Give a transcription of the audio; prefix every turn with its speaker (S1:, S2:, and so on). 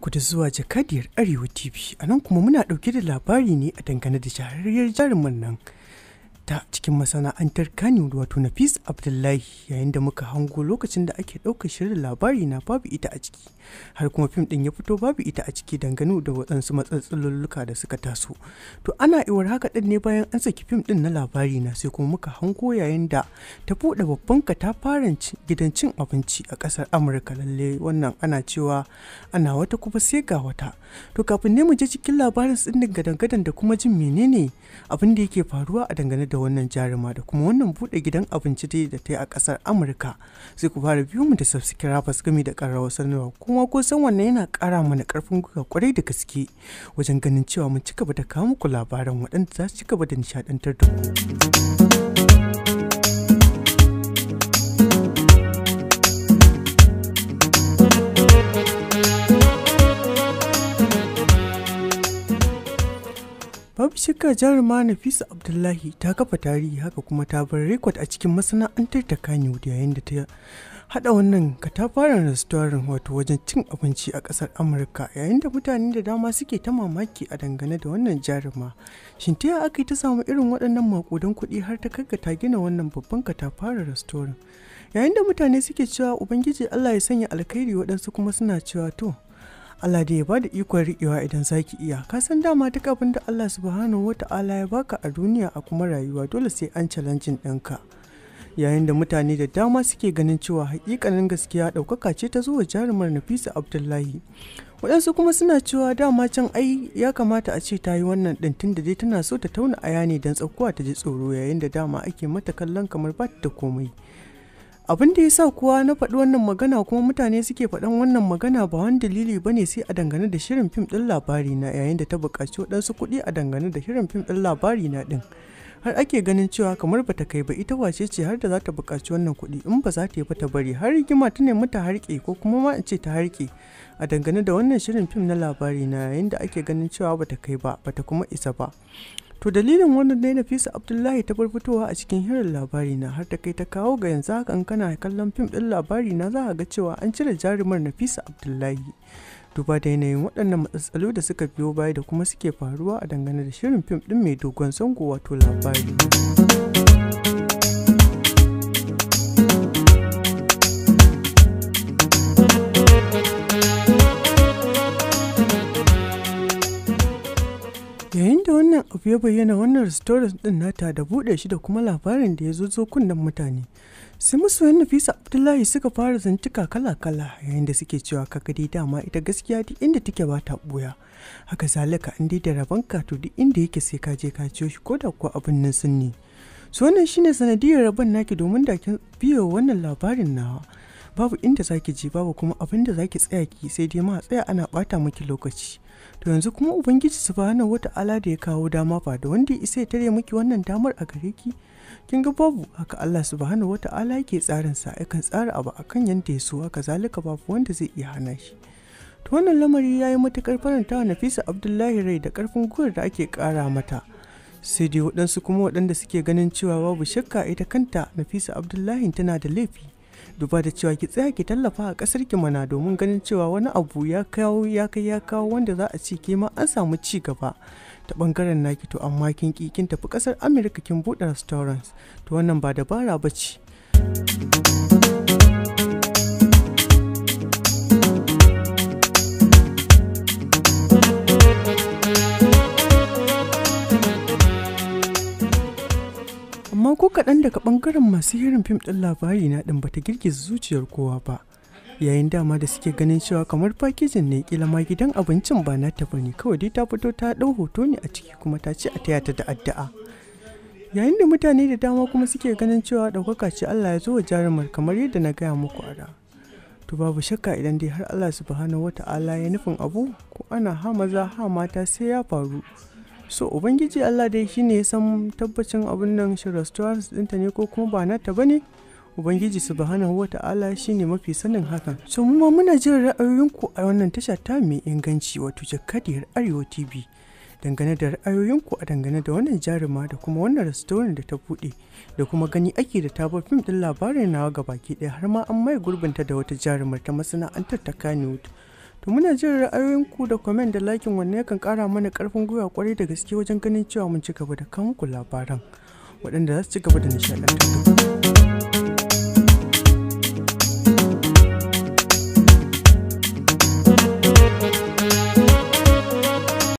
S1: ku da zuwa jakadiyar Arewa TV, a nan kuma muna ɗauke da labari ne a dangane da shahararriyar jaruman nan ta cikin masana'antar Kano wato Nafis Abdullahi yayin da muka hango lokacin da ake ɗaukar shirin labari na babu ita a ciki har kuma fim ɗin ya fito babu ita a ciki dangane da waɗansu matsatsalolluka da suka taso to ana iwar haka ɗin ne bayan an saki fim ɗin na labari na sai kuma muka hango yayin da ta buɗe babban katafaren gidan cin abinci a ƙasar Amurka lalle wannan ana cewa ana wata kuma sai ga wata to kafin ne mu je cikin labarin tsindin gadan-gadan da kuma jin menene abin da yake faruwa a dangane da da wannan jaruma da kuma wannan buɗe gidan abinci dai da ta yi a kasar amurka sai ku fara biyu mu da subscribers gami da wasu sanarwa kuma ko san wannan yana kara mana karfin gwiwa kwarai da gaske wajen ganin cewa mun ci gaba da kawo muku labaran waɗanda za su ci gaba da nishadantar da ku. Babu ka jaruma Nafisa Abdullahi ta kafa tarihi haka kuma ta bar rekod a cikin masana'antar ta da yayin da ta hada wannan katafaren restaurant wato wajen cin abinci a kasar Amurka yayin da mutane da dama suke ta mamaki a dangane da wannan jaruma. Shin ta aka yi ta samu irin waɗannan makudan kuɗi har ta karkata ta gina wannan babban katafaren restaurant Yayin da mutane suke cewa Ubangiji Allah ya sanya alkhairi waɗansu kuma suna cewa to Allah da ya ba da ikon riƙewa idan zaki iya ka san dama duk abin da Allah subhanahu wata'ala ya baka a duniya a kuma rayuwa dole sai an calancin ɗinka yayin da mutane da dama suke ganin cewa hakikanin gaskiya ɗaukaka ce ta zuwa jarumar Nafisa Abdullahi waɗansu kuma suna cewa dama can ai ya kamata a ce ta yi wannan ɗin tun da dai tana so ta tauna aya ne don tsakuwa ta ji tsoro yayin da dama ake mata kallon kamar ba ta komai abin da ya sa kuwa na faɗi wannan magana kuma mutane suke faɗan wannan magana ba wani dalili ba ne sai a dangane da shirin fim ɗin labari na yayin da ta buƙaci waɗansu kuɗi a dangane da shirin fim ɗin labari na ɗin har ake ganin cewa kamar bata kai ba ita wace ce har da za ta buƙaci wannan kuɗi in ba za ta yi ba ta bari har rigima ta nemi ta harke ko kuma ma in ce ta harke a dangane da wannan shirin fim na labari na yayin da ake ganin cewa bata kai ba bata kuma isa ba to dalilin wannan ne nafisa abdullahi ta bar fitowa a cikin hirar labari na har ta kai ta kawo ga yanzu haka in kana kallon fim din labari na za ga cewa an cire jarumar nafisa abdullahi duba da yanayin waɗannan matsatsalo da suka biyo baya da kuma suke faruwa a dangane da shirin fim ɗin mai dogon zango wato labari yayin da wannan abu ya bayyana wannan restaurant din nata da bude shi da kuma labarin da ya zo zo kunnen mutane sai musu masoyan nafisa abdullahi suka fara zantuka kala-kala yayin da suke cewa kaka dai dama ita gaskiya duk inda take ba ta buya haka zalika an dai da rabon kato duk inda yake sai ka je ka ciyo shi ko da kuwa abin nan sun ne wannan shine sanadiyar rabon naki domin da kin biyo wannan labarin nawa babu inda zaki je babu kuma abin da zaki tsaya ki sai dai ma tsaya ana bata miki lokaci to yanzu kuma ubangiji subhanahu wata'ala da ya kawo dama ba da wanda isa ya tare miki wannan damar a gare ki kin ga babu haka Allah subhanahu wata'ala yake tsarin sa yakan tsara abu akan yanda ya so haka zalika babu wanda zai iya hana shi to wannan lamari ya yi matukar faranta wa Nafisa Abdullahi rai da karfin gwiwar da ake kara mata sai dai waɗansu kuma waɗanda suke ganin cewa babu shakka ita kanta Nafisa Abdullahi tana da laifi duba da cewa ki tsaya ki tallafa a kasar ki mana domin ganin cewa wani abu ya kawo ya kai ya kawo wanda za a ci ke ma an samu ci gaba ta bangaren naki to amma kin ki kin tafi kasar Amurka kin bude restaurants to wannan ba dabara ba ce. kaɗan daga ɓangaren masu hirin fim ɗin labari na ɗin bata girgiza zuciyar kowa ba yayin dama da suke ganin cewa kamar fakijin ne kila ma gidan abincin ba na ba ne kawai dai ta fito ta ɗau hoto ne a ciki kuma ta ce a taya ta da addu'a yayin da mutane da dama kuma suke ganin cewa ɗaukaka ce Allah ya zo wa jarumar kamar yadda na gaya muku a da to babu shakka idan dai har Allah subhanahu wata'ala ya nufin abu ko ana ha maza ha mata sai ya faru so ubangiji allah dai shine ya san tabbacin abin nan shi restaurant dinta ne ko kuma ba nata ba ne ubangiji wa ta'ala shine mafi sanin hakan so mu ma muna jin ra'ayoyinku a wannan tasha ta mai inganci wato jakadiyar arewa tv dangane da ra'ayoyinku a dangane da wannan jaruma da kuma wannan restaurant da ta buɗe da kuma gani ake da tabar fim ɗin labarin nawa gabaki ɗaya har ma an mai gurbinta da wata jarumar ta masana'antar ta kanewood to muna jin ra'ayoyinku da comment da lakin wannan yakan kara mana karfin gwiwa kwarai da gaske wajen ganin cewa mun ci gaba da kan ku labaran waɗanda za su ci gaba da nishaɗantar